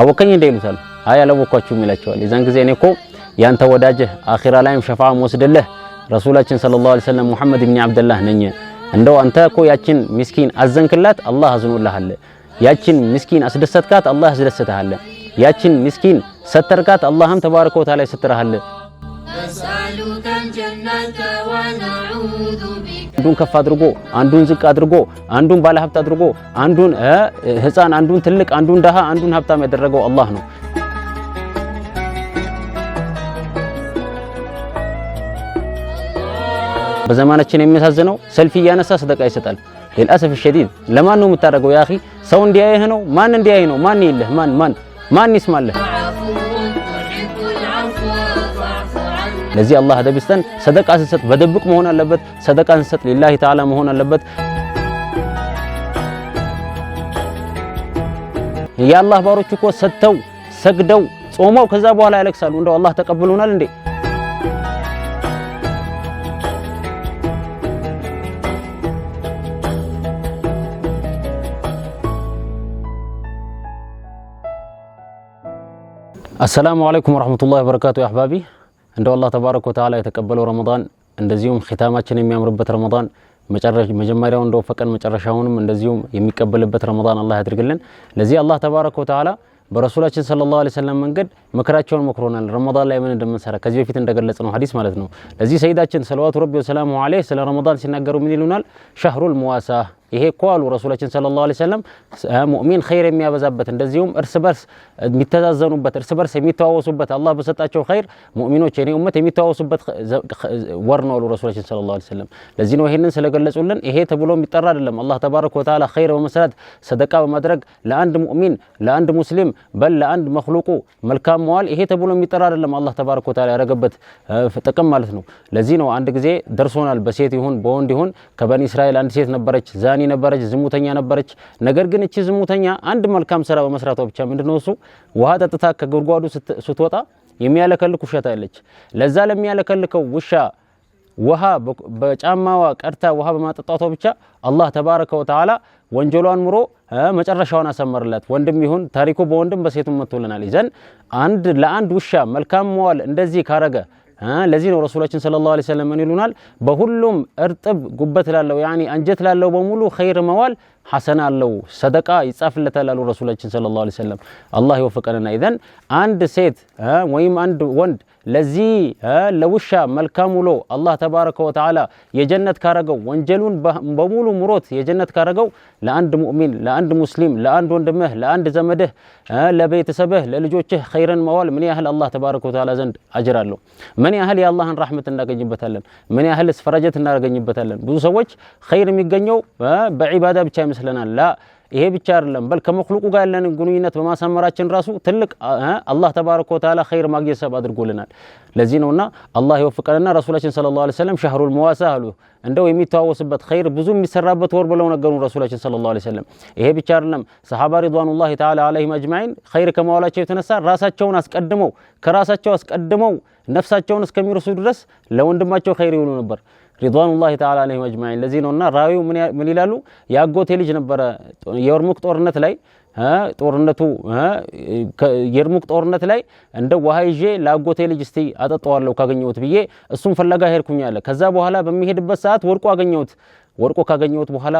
አወከኝ እንደ ይሉታል። አይ አላወኳችሁም ይላቸዋል። የዛን ጊዜ እኔ እኮ ያንተ ወዳጅህ አኺራ ላይም ሸፋዓ ወስደለህ ረሱላችን ሰለላሁ ዐለይሂ ወሰለም ሙሐመድ ኢብኑ አብደላህ ነኝ። እንደው አንተ እኮ ያችን ምስኪን አዘንክላት፣ አላህ አዝኖልሃል። ያችን ምስኪን አስደሰትካት፣ አላህ አስደሰተሃል። ያችን ምስኪን ሰተርካት፣ አላህም ተባረከ ወተዓላ ይሰትርሃል። አንዱን ከፍ አድርጎ አንዱን ዝቅ አድርጎ አንዱን ሀብት አድርጎ አንዱን ህፃን አንዱን ትልቅ አንዱን ደሃ አንዱን ሀብታም ያደረገው አላህ ነው። በዘመናችን የሚያሳዝነው ሰልፊ እያነሳ ሰደቃ ይሰጣል። ለልአሰፍ ሸዲድ ለማን ነው የምታደርገው? ያ ሰው እንዲያይህ ነው። ማን እንዲያይህ ነው? ማን ይልህ? ማን ማን ማን ይስማልህ? ለዚህ አላህ አደቢስተን ሰደቃ ስንሰጥ በደብቅ መሆን አለበት። ሰደቃ ስንሰጥ ሊላሂ ተዓላ መሆን አለበት። የአላህ ባሮች እኮ ሰጥተው ሰግደው ጾመው ከዛ በኋላ ያለቅሳሉ። እንደው አላህ ተቀብሎናል እንዴ? አሰላሙ አለይኩም ወራህመቱላሂ ወበረካቱ አህባቢ እንደው አላህ ተባረከ ወተዓላ የተቀበለው ረመዳን እንደዚሁም ኺታማችን የሚያምርበት ረመዳን መጀመሪያው እንደወፈቀን መጨረሻውንም እንደዚሁም የሚቀበልበት ረመዳን አላህ ያድርግልን። ለዚህ አላህ ተባረከ ወተዓላ በረሱላችን ሰለላሁ ዐለይሂ ወሰለም መንገድ ምክራቸውን መክሮናል። ረመዳን ላይ ምን እንደምንሰራ ከዚህ በፊት እንደገለጽ ነው ሐዲስ ማለት ነው። ለዚህ ሰይዳችን ሰለዋቱ ረቢ ወሰላሙ ዐለይህ ስለ ረመዳን ሲናገሩ ምን ይሉናል? ሸህሩል ሙዋሳህ ይሄ እኮ አሉ ረሱላችን ሰለላሁ ዐለይሂ ወሰለም ሙእሚን ኸይር የሚያበዛበት እንደዚሁም እርስ በርስ የሚተዛዘኑበት እርስ በርስ የሚተዋወሱበት አላህ በሰጣቸው ኸይር ሙእሚኖች የኔ ኡመት የሚተዋወሱበት ወር ነው አሉ ረሱላችን ሰለላሁ ዐለይሂ ወሰለም። ለዚህ ነው ይሄንን ስለገለጹልን። ይሄ ተብሎ የሚጠራ አይደለም። አላህ ተባረከ ወተዓላ ኸይር በመስራት ሰደቃ በማድረግ ለአንድ ሙእሚን ለአንድ ሙስሊም በል ለአንድ መክሉቁ መልካም መዋል ይሄ ተብሎ የሚጠራ አይደለም። አላህ ተባረከ ወተዓላ ያደረገበት ጥቅም ማለት ነው። ለዚህ ነው አንድ ጊዜ ደርሶናል። በሴት ይሁን በወንድ ይሁን ከበኒ እስራኤል አንድ ሴት ነበረች ዛኒ ጨካኔ ነበረች፣ ዝሙተኛ ነበረች። ነገር ግን እቺ ዝሙተኛ አንድ መልካም ስራ በመስራቷ ብቻ ምንድነው እሱ ውሃ ጠጥታ ከጉድጓዱ ስትወጣ የሚያለከልክ ውሻ ታያለች። ለዛ ለሚያለከልከው ውሻ ውሃ በጫማዋ ቀድታ ውሃ በማጠጣቷ ብቻ አላህ ተባረከ ወተዓላ ወንጀሏን ምሮ መጨረሻውን አሰመርላት። ወንድም ይሁን ታሪኩ በወንድም በሴቱም መጥቶልናል። ይዘን አንድ ለአንድ ውሻ መልካም መዋል እንደዚህ ካረገ ለዚህ ነው ረሱላችን ሰለላሁ ዐለይሂ ወሰለም ምን ይሉናል? በሁሉም እርጥብ ጉበት ላለው ያኒ አንጀት ላለው በሙሉ ኸይር መዋል ሐሰና አለው፣ ሰደቃ ይጻፍለታል አሉ ረሱላችን ሰለላሁ ዐለይሂ ወሰለም። አላህ ይወፍቀንና ኢዘን አንድ ሴት ወይም አንድ ወንድ ለዚህ ለውሻ መልካም ውሎ አላህ ተባረከ ወተዓላ የጀነት ካረገው ወንጀሉን በሙሉ ምሮት የጀነት ካረገው ለአንድ ሙእሚን፣ ለአንድ ሙስሊም፣ ለአንድ ወንድምህ፣ ለአንድ ዘመድህ፣ ለቤተሰብህ፣ ለልጆችህ ኸይርን መዋል ምን ያህል አላህ ተባረከ ወተዓላ ዘንድ አጅር አለው። ምን ያህል የአላህን ራህመት እናገኝበታለን። ምን ያህል ፈረጀት እናገኝበታለን። ብዙ ሰዎች ኸይር የሚገኘው በዒባዳ ብቻ ይመስለናል። ይሄ ብቻ አይደለም፣ በል ከመክሉቁ ጋር ያለንን ግንኙነት በማሳመራችን ራሱ ትልቅ አላህ ተባረከ ወተዓላ ኸይር ማግኘት ሰብ አድርጎልናል። ለዚህ ነውና አላህ ይወፍቀንና ረሱላችን ሰለላሁ ዐለይሂ ወሰለም ሸህሩል መዋሳ አሉ እንደው የሚተዋወስበት ኸይር ብዙ የሚሰራበት ወር ብለው ነገሩ ረሱላችን ሰለላሁ ዐለይሂ ወሰለም። ይሄ ብቻ አይደለም፣ ሰሐባ ሪድዋኑላሂ ተዓላ ዐለይሂም አጅማዒን ኸይር ከመዋላቸው የተነሳ ራሳቸውን አስቀድመው ከራሳቸው አስቀድመው ነፍሳቸውን እስከሚረሱ ድረስ ለወንድማቸው ኸይር ይውሉ ነበር። ሪድዋኑላሂ ተዓላ ዓለይሂም አጅማዒን። ለዚህ ነውና ራዊው ምን ይላሉ? የአጎቴ ልጅ ነበረ የርሙክ ጦርነት ላይ ጦርነቱ የርሙክ ጦርነት ላይ እንደ ውሃ ይዤ ለአጎቴ ልጅ እስቲ አጠጣዋለሁ ካገኘሁት ብዬ እሱም ፍለጋ ሄድኩኝ አለ። ከዛ በኋላ በሚሄድበት ሰዓት ወድቆ አገኘሁት። ወድቆ ካገኘሁት በኋላ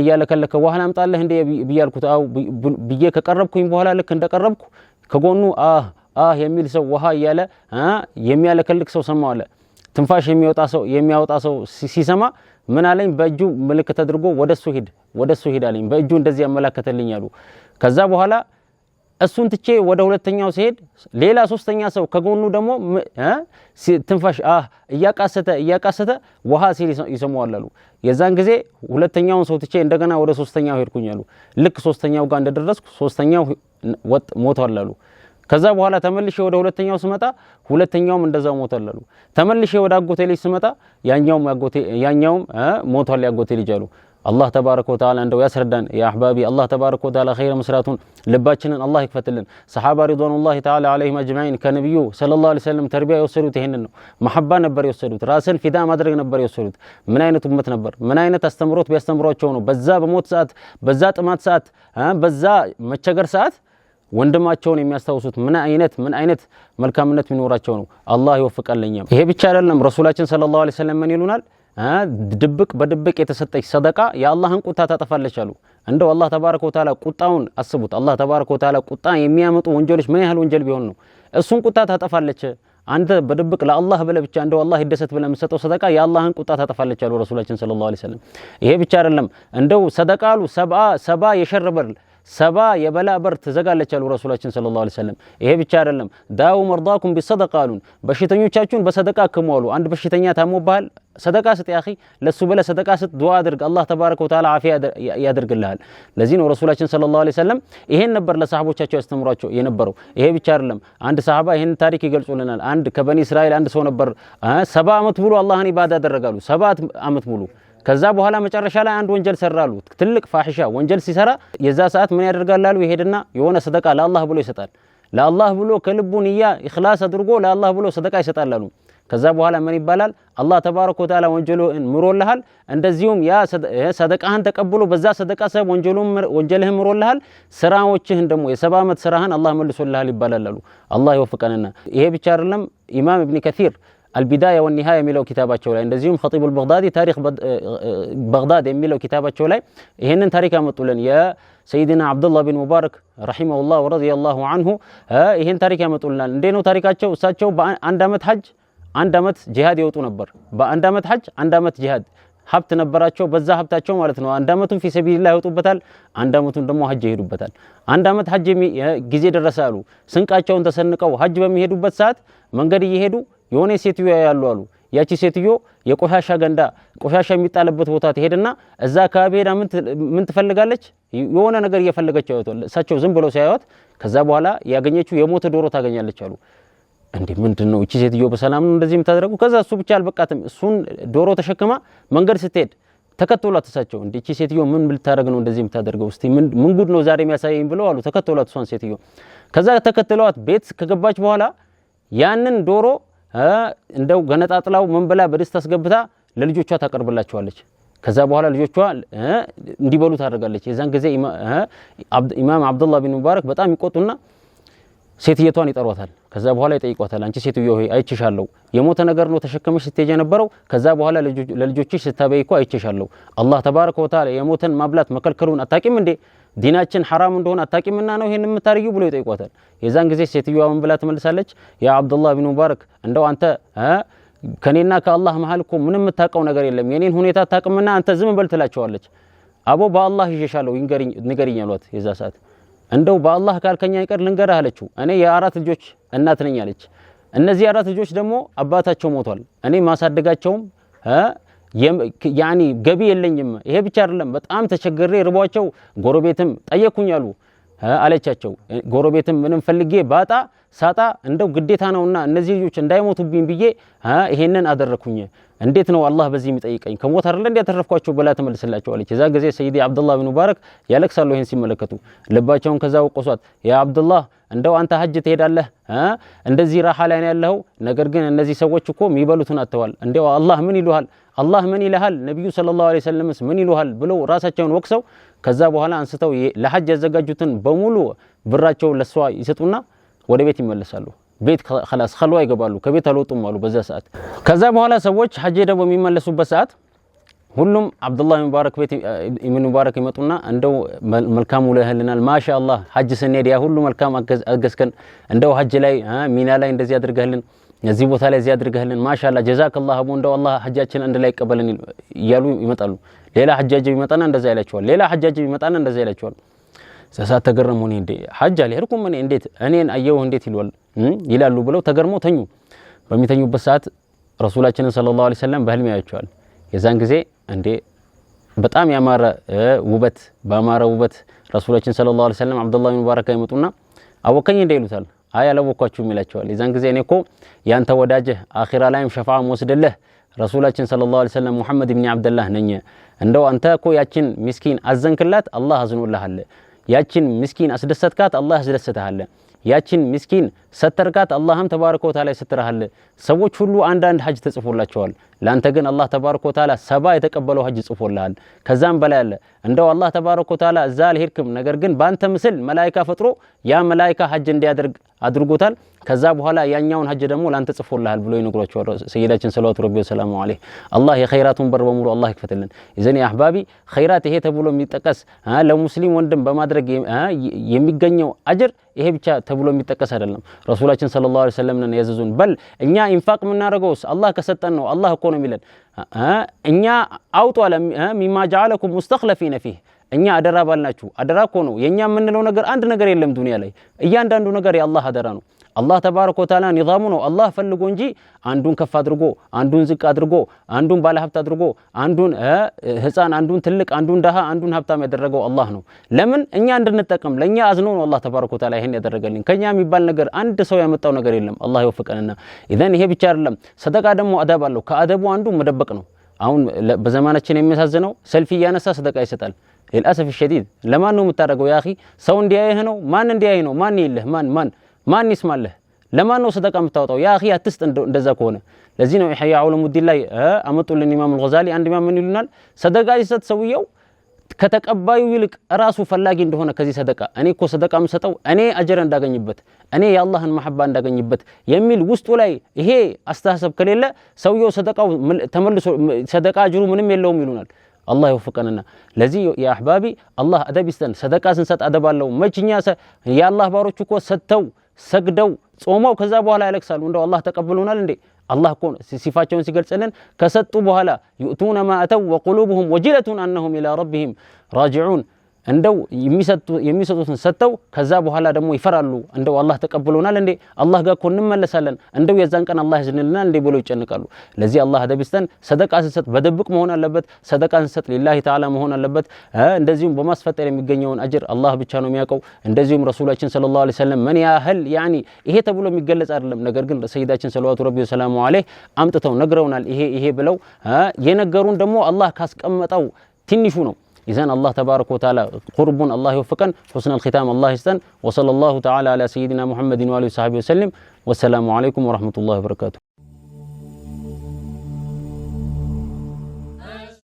እያለከለከ ውሃን አምጣለህ እንዴ ብያልኩት አዎ ብዬ ከቀረብኩኝ በኋላ ልክ እንደቀረብኩ ከጎኑ አህ አህ የሚል ሰው ውሃ እያለ የሚያለከልክ ሰው ሰማሁ አለ። ትንፋሽ የሚወጣ ሰው የሚያወጣ ሰው ሲሰማ ምን አለኝ? በእጁ ምልክት አድርጎ ወደሱ ሂድ፣ ወደሱ ሂድ አለኝ። በእጁ እንደዚህ ያመላከተልኝ አሉ። ከዛ በኋላ እሱን ትቼ ወደ ሁለተኛው ሲሄድ ሌላ ሶስተኛ ሰው ከጎኑ ደግሞ ትንፋሽ እያቃሰተ እያቃሰተ ውሃ ሲል ይሰማዋል አሉ። የዛን ጊዜ ሁለተኛውን ሰው ትቼ እንደገና ወደ ሶስተኛው ሄድኩኝ አሉ። ልክ ሶስተኛው ጋር እንደደረስኩ ሶስተኛው ወጥ ሞቷል አሉ። ከዛ በኋላ ተመልሼ ወደ ሁለተኛው ስመጣ ሁለተኛውም እንደዛው ሞቷል አሉ። ተመልሼ ወደ አጎቴ ልጅ ስመጣ ያኛውም ያኛውም ሞቷል ያጎቴ ልጅ አሉ። አላህ ተባረከ ወተዓላ እንደው ያስረዳን ያ አላህ ተባረከ ወተዓላ ኸይረ መስራቱን ልባችንን አላህ ይክፈትልን። ሰሓባ ሪድዋኑላሂ ተዓላ ዓለይሂም አጅመዒን ከነቢዩ ሰለላሁ ዓለይሂ ወሰለም ተርቢያ የወሰዱት ይህንን ነው። መሐባ ነበር የወሰዱት፣ ራስን ፊዳ ማድረግ ነበር የወሰዱት። ምን አይነት ኡመት ነበር! ምን አይነት አስተምሮት ቢያስተምሯቸው ነው በዛ በሞት ሰዓት፣ በዛ ጥማት ሰዓት፣ በዛ መቸገር ሰዓት ወንድማቸውን የሚያስታውሱት ምን አይነት ምን አይነት መልካምነት ቢኖራቸው ነው? አላህ ይወፍቀን ይሄ ብቻ አይደለም። ረሱላችን ሰለላሁ ዐለይሂ ወሰለም ምን ይሉናል? ድብቅ በድብቅ የተሰጠች ሰደቃ የአላህን ቁጣ ታጠፋለች አሉ። እንደው አላህ ተባረከ ወተዓላ ቁጣውን አስቡት። አላህ ተባረከ ወተዓላ ቁጣ የሚያመጡ ወንጀሎች ምን ያህል ወንጀል ቢሆን ነው? እሱን ቁጣ ታጠፋለች። አንተ በድብቅ ለአላህ ብለህ ብቻ እንደው አላህ ይደሰት ብለህ የምትሰጠው ሰደቃ የአላህን ቁጣ ታጠፋለች አሉ ረሱላችን ሰለላሁ ዐለይሂ ወሰለም። ይሄ ብቻ አይደለም። እንደው ሰደቃ አሉ ሰባ ሰባ የሸር በር ሰባ የበላ በር ትዘጋለች አሉ ረሱላችን ሰለላሁ ዐለይሂ ወሰለም። ይሄ ብቻ አይደለም፣ ዳው መርዳኩም ቢሰደቃ አሉን። በሽተኞቻችሁን በሰደቃ አክሙ አሉ። አንድ በሽተኛ ታሞብሃል፣ ሰደቃ ስጥ ያኺ፣ ለሱ ብለህ ሰደቃ ስጥ፣ ዱዓ አድርግ፣ አላህ ተባረከ ወተዓላ ዓፊያ ያደርግልሃል። ለዚህ ነው ረሱላችን ሰለላሁ ዐለይሂ ወሰለም ይሄን ነበር ለሰሃቦቻቸው ያስተምሯቸው የነበረው። ይሄ ብቻ አይደለም፣ አንድ ሰሃባ ይሄን ታሪክ ይገልጹልናል። አንድ ከበኒ እስራኤል አንድ ሰው ነበር፣ ሰባ ዓመት ሙሉ አላህን ኢባዳ ያደረጋሉ ሰባት ዓመት ሙሉ ከዛ በኋላ መጨረሻ ላይ አንድ ወንጀል ሰራሉ። ትልቅ ፋሒሻ ወንጀል ሲሰራ የዛ ሰዓት ምን ያደርጋላሉ? ይሄድና የሆነ ሰደቃ ለአላህ ብሎ ይሰጣል። ለአላህ ብሎ ከልቡ ንያ ኢኽላስ አድርጎ ለአላህ ብሎ ሰደቃ ይሰጣላሉ። ከዛ በኋላ ምን ይባላል? አላህ ተባረከ ወተዓላ ወንጀልህን ምሮልሃል፣ እንደዚሁም ያ ሰደቃህን ተቀብሎ በዛ ሰደቃ ሰብ ወንጀልህን ምሮልሃል፣ ስራዎችህን ደግሞ የሰባ ዓመት ስራህን አላህ መልሶልሃል ይባላላሉ። አላህ ይወፍቀንና ይሄ ብቻ አይደለም ኢማም እብኒ ከሲር አልቢዳ ወኒሃያ የሚለው ኪታባቸው ላይ እንደዚሁም ኸጢቡል በግዳዲ ታሪክ በግዳድ የሚለው ኪታባቸው ላይ ይህንን ታሪክ ያመጡልን የሰይድና አብዱላህ ብን ሙባረክ ረሂመሁላህ ወረዲየላሁ አንሁ ይህን ታሪክ ያመጡልናል። እንዴ ነው ታሪካቸው? እሳቸው በአንድ ዓመት ሐጅ አንድ ዓመት ጂሃድ ይወጡ ነበር። በአንድ ዓመት ሐጅ አንድ ዓመት ጂሃድ ሀብት ነበራቸው። በዛ ሀብታቸው ማለት ነው አንድ ዓመቱን ፊሰቢልላ ያወጡበታል፣ አንድ ዓመቱን ደግሞ ሀጅ ይሄዱበታል። አንድ ዓመት ሀጅ ጊዜ ደረሰ አሉ። ስንቃቸውን ተሰንቀው ሀጅ በሚሄዱበት ሰዓት መንገድ እየሄዱ የሆነ ሴትዮ ያሉ አሉ። ያቺ ሴትዮ የቆሻሻ ገንዳ ቆሻሻ የሚጣልበት ቦታ ትሄድና እዛ አካባቢ ሄዳ ምን ትፈልጋለች? የሆነ ነገር እየፈለገች ያዩታል። እሳቸው ዝም ብለው ሲያዩት ከዛ በኋላ ያገኘችው የሞተ ዶሮ ታገኛለች አሉ። እንዴ ምንድን ነው እቺ ሴትዮ በሰላም ነው እንደዚህ የምታደርጉ? ከዛ እሱ ብቻ አልበቃትም። እሱን ዶሮ ተሸክማ መንገድ ስትሄድ ተከትሏት እሳቸው እንዴ እቺ ሴትዮ ምን ብልታደርግ ነው እንደዚህ የምታደርገው? እስቲ ምን ጉድ ነው ዛሬ የሚያሳየኝ ብለው አሉ። ተከትሏት እሷን ሴትዮ ከዛ ተከትለዋት ቤት ከገባች በኋላ ያንን ዶሮ እንደው ገነጣጥላው ምን ብላ በድስት አስገብታ ለልጆቿ ታቀርብላቸዋለች። ከዛ በኋላ ልጆቿ እንዲበሉ ታደርጋለች። የዛን ጊዜ ኢማም አብዱላህ ቢን ሙባረክ በጣም ይቆጡና ሴትየቷን ይጠሯታል። ከዛ በኋላ ይጠይቋታል። አንቺ ሴትዮ ሆይ አይቼሻለሁ፣ የሞተ ነገር ነው ተሸከመሽ ስትሄጂ የነበረው። ከዛ በኋላ ለልጆችሽ ስታበይ እኮ አይቼሻለሁ። አላህ ተባረከ ወተዓላ የሞተን ማብላት መከልከሉን አታቂም እንዴ? ዲናችን ሐራም እንደሆነ አታቂምና ነው ይሄን የምታርዩ ብሎ ይጠይቆታል። የዛን ጊዜ ሴትዮዋ ምን ብላ ትመልሳለች? ያ አብዱላህ ቢን ሙባረክ እንደው አንተ ከኔና ከአላህ መሀል እኮ ምንም የምታውቀው ነገር የለም የኔን ሁኔታ አታቅምና አንተ ዝም በል ትላቸዋለች። አቦ በአላህ ይሸሻለሁ ንገሪኝ አሏት። የዛ ሰዓት እንደው በአላህ ካልከኛ ይቀር ልንገርህ አለችው። እኔ የአራት ልጆች እናት ነኝ አለች። እነዚህ አራት ልጆች ደግሞ አባታቸው ሞቷል። እኔ ማሳደጋቸውም ያኔ ገቢ የለኝም። ይሄ ብቻ አይደለም፣ በጣም ተቸግሬ ርቧቸው ጎረቤትም ጠየቅኩኝ አሉ አለቻቸው። ጎረቤትም ምንም ፈልጌ ባጣ ሳጣ እንደው ግዴታ ነውና እነዚህ ልጆች እንዳይሞቱብኝ ብዬ ይሄንን አደረኩኝ። እንዴት ነው አላህ በዚህ የሚጠይቀኝ? ከሞት አይደለ እንዴ ያተረፍኳቸው ብላ ተመልስላቸው አለች። የዛ ጊዜ ሰይዲ አብዱላህ ብን ሙባረክ ያለቅሳሉ ይህን ሲመለከቱ ልባቸውን ከዛ ወቆሷት ያ አብዱላህ እንደው አንተ ሀጅ ትሄዳለህ እንደዚህ ራሃ ላይ ነው ያለኸው። ነገር ግን እነዚህ ሰዎች እኮ የሚበሉትን አጥተዋል። እንዲያው አላህ ምን ይሉሃል፣ አላህ ምን ይልሃል፣ ነቢዩ ሰለላሁ ዐለይሂ ወሰለምስ ምን ይሉሃል ብለው ራሳቸውን ወቅሰው ከዛ በኋላ አንስተው ለሀጅ ያዘጋጁትን በሙሉ ብራቸውን ለሷ ይሰጡና ወደ ቤት ይመለሳሉ። ቤት ኸላስ ኸልዋ ይገባሉ። ከቤት አልወጡም አሉ በዛ ሰዓት። ከዛ በኋላ ሰዎች ሀጅ ሄደው በሚመለሱበት ሰዓት ሁሉም አብዱላህ ሙባረክ ቤት ኢብኑ ሙባረክ ይመጡና እንደው መልካም ውለህልናል፣ ማሻአላህ ሀጅ ስንሄድ ያ ሁሉ መልካም አገዝከን፣ እንደው ሀጅ ላይ ሚና ላይ እንደዚህ አድርገህልን፣ እዚህ ቦታ ላይ እዚህ አድርገህልን፣ ማሻአላህ ጀዛከላህ አቡ፣ እንደው አላህ ሀጃችን አንድ ላይ ይቀበልን እያሉ ይመጣሉ። ሌላ ሀጃጅ ይመጣና እንደዛ ይላቸዋል። ሌላ ሀጃጅ ይመጣና እንደዛ ይላቸዋል። ሰሳት ተገረሙ። እኔ እንዴ ሀጅ አልሄድኩም እኔ እንዴት እኔን አየው እንዴት ይሏል ይላሉ ብለው ተገርመው ተኙ። በሚተኙበት ሰዓት ረሱላችንን ሰለላሁ ዐለይሂ ወሰለም በህልም ያያቸዋል። የዛን ጊዜ እንዴ በጣም ያማረ ውበት ባማረ ውበት ረሱላችን ሰለላሁ ዐለይሂ ወሰለም አብዱላህ ብን ሙባረክ ይመጡና አወከኝ እንደ ይሉታል። አይ አላወኳችሁም ይላቸዋል። የዛን ጊዜ እኔ እኮ ያንተ ወዳጅህ አኺራ ላይም ሸፋዓ ወስደለህ ረሱላችን ሰለላሁ ዐለይሂ ወሰለም ሙሐመድ ብን አብደላህ ነኝ። እንደው አንተ እኮ ያችን ምስኪን አዘንክላት፣ አላህ አዝኖልሃል። ያችን ምስኪን አስደሰትካት፣ አላህ ያስደስተሃል። ያችን ምስኪን ሰተርካት አላህም ተባረከ ወተዓላ ይሰትርሃል። ሰዎች ሁሉ አንዳንድ ሀጅ ተጽፎላቸዋል። ለአንተ ግን አላህ ተባረከ ወተዓላ ሰባ የተቀበለው ሀጅ ጽፎልሃል። ከዛም በላይ አለ። እንደው አላህ ተባረከ ወተዓላ እዛ አልሄድክም፣ ነገር ግን በአንተ ምስል መላይካ ፈጥሮ ያ መላይካ ሀጅ እንዲያደርግ አድርጎታል። ከዛ በኋላ ያኛውን ሀጅ ደግሞ ላንተ ጽፎልሃል ብሎ ይነግሯቸዋል። ሰይዳችን ሰለዋቱ ረቢ ወሰላሙ አለይህ አላህ የኸይራቱን በር በሙሉ አላህ ይክፈትልን። ይዘን አሕባቢ ኸይራት ይሄ ተብሎ የሚጠቀስ ለሙስሊም ወንድም በማድረግ የሚገኘው አጅር ይሄ ብቻ ተብሎ የሚጠቀስ አይደለም። ረሱላችን ሰለላሁ ዐለይሂ ወሰለም ነን በል እኛ ኢንፋቅ የምናደርገውስ አላህ ከሰጠን ነው። አላህ እኮ ነው የሚለን እኛ አውጡ አለ ሚማ ጀዐለኩም ሙስተኽለፊነ ፊህ እኛ አደራ ባልናችሁ አደራ እኮ ነው የእኛ የምንለው ነገር አንድ ነገር የለም ዱንያ ላይ እያንዳንዱ ነገር የአላህ አደራ ነው። አላህ ተባረከ ወተዓላ ኒዛሙ ነው። አላህ ፈልጎ እንጂ አንዱን ከፍ አድርጎ አንዱን ዝቅ አድርጎ አንዱን ባለ ሀብት አድርጎ አንዱን ህፃን አንዱን ትልቅ አንዱን ዳሃ አንዱን ሀብታም ያደረገው አላህ ነው። ለምን እኛ እንድንጠቀም ለእኛ አዝኖ ነው አላህ ተባረከ ወተዓላ ይህን ያደረገልን። ከኛ የሚባል ነገር አንድ ሰው ያመጣው ነገር የለም። አላህ ይወፍቀንና ኢዘን ይሄ ብቻ አይደለም። ሰደቃ ደግሞ አደብ አለው። ከአደቡ አንዱ መደበቅ ነው። አሁን በዘመናችን የሚያሳዝነው ሰልፊ እያነሳ ሰደቃ ይሰጣል። ልአሰፍ ሸዲድ ለማን ነው የምታደርገው? ያ ሰው እንዲያይህ ነው። ማን እንዲያይህ ነው? ማን ይልህ? ማን ማን ማን ይስማለህ? ለማን ነው ሰደቃ የምታወጣው? ያ አኺ አትስጥ እንደዛ ከሆነ። ለዚህ ነው ኢህያ ዑለሙዲን ላይ አመጡልን ኢማም አልገዛሊ አንድ ኢማም ምን ይሉናል? ሰደቃ ሲሰጥ ሰውየው ከተቀባዩ ይልቅ ራሱ ፈላጊ እንደሆነ ከዚህ ሰደቃ እኔ እኮ ሰደቃ የምሰጠው እኔ አጀር እንዳገኝበት እኔ የአላህን መሐባ እንዳገኝበት የሚል ውስጡ ላይ ይሄ አስተሳሰብ ከሌለ ሰውየው ሰደቃው ተመልሶ ሰደቃ አጅሩ ምንም የለውም ይሉናል። አላህ ይወፍቀንና ለዚህ የአሕባቢ አላህ አደብ ይስጠን። ሰደቃ ስንሰጥ አደብ አለው። መችኛ የአላህ ባሮች እኮ ሰጥተው ሰግደው ጾመው ከዛ በኋላ ያለቅሳሉ። እንደው አላህ ተቀብሎናል እንዴ? አላህ እኮ ሲፋቸውን ሲገልጽልን ከሰጡ በኋላ ዩእቱነ ማእተው ወቁሉብሁም ወጅለቱን አነሁም ኢላ ረቢሂም ራጅዑን እንደው የሚሰጡትን ሰጥተው ከዛ በኋላ ደግሞ ይፈራሉ። እንደው አላህ ተቀብሎናል እንዴ አላህ ጋር እኮ እንመለሳለን እንደው የዛን ቀን አላህ ያዝንልናል እንዴ ብለው ይጨንቃሉ። ለዚህ አላህ ደብስተን ሰደቃ ስንሰጥ በድብቅ መሆን አለበት። ሰደቃ ስንሰጥ ሊላሂ ተዓላ መሆን አለበት። እንደዚሁም በማስፈጠር የሚገኘውን አጅር አላህ ብቻ ነው የሚያውቀው። እንደዚሁም ረሱላችን ሰለላሁ ዐለይሂ ወሰለም ምን ያህል ያኒ ይሄ ተብሎ የሚገለጽ አይደለም። ነገር ግን ሰይዳችን ሰለዋቱ ረቢ ወሰላሙ ዐለይህ አምጥተው ነግረውናል። ይሄ ይሄ ብለው የነገሩን ደግሞ አላህ ካስቀመጠው ትንሹ ነው إذا الله تبارك وتعالى قرب الله يوفقا حسن الختام الله يستن وصلى الله تعالى على سيدنا محمد وآله وصحبه وسلم والسلام عليكم ورحمة الله وبركاته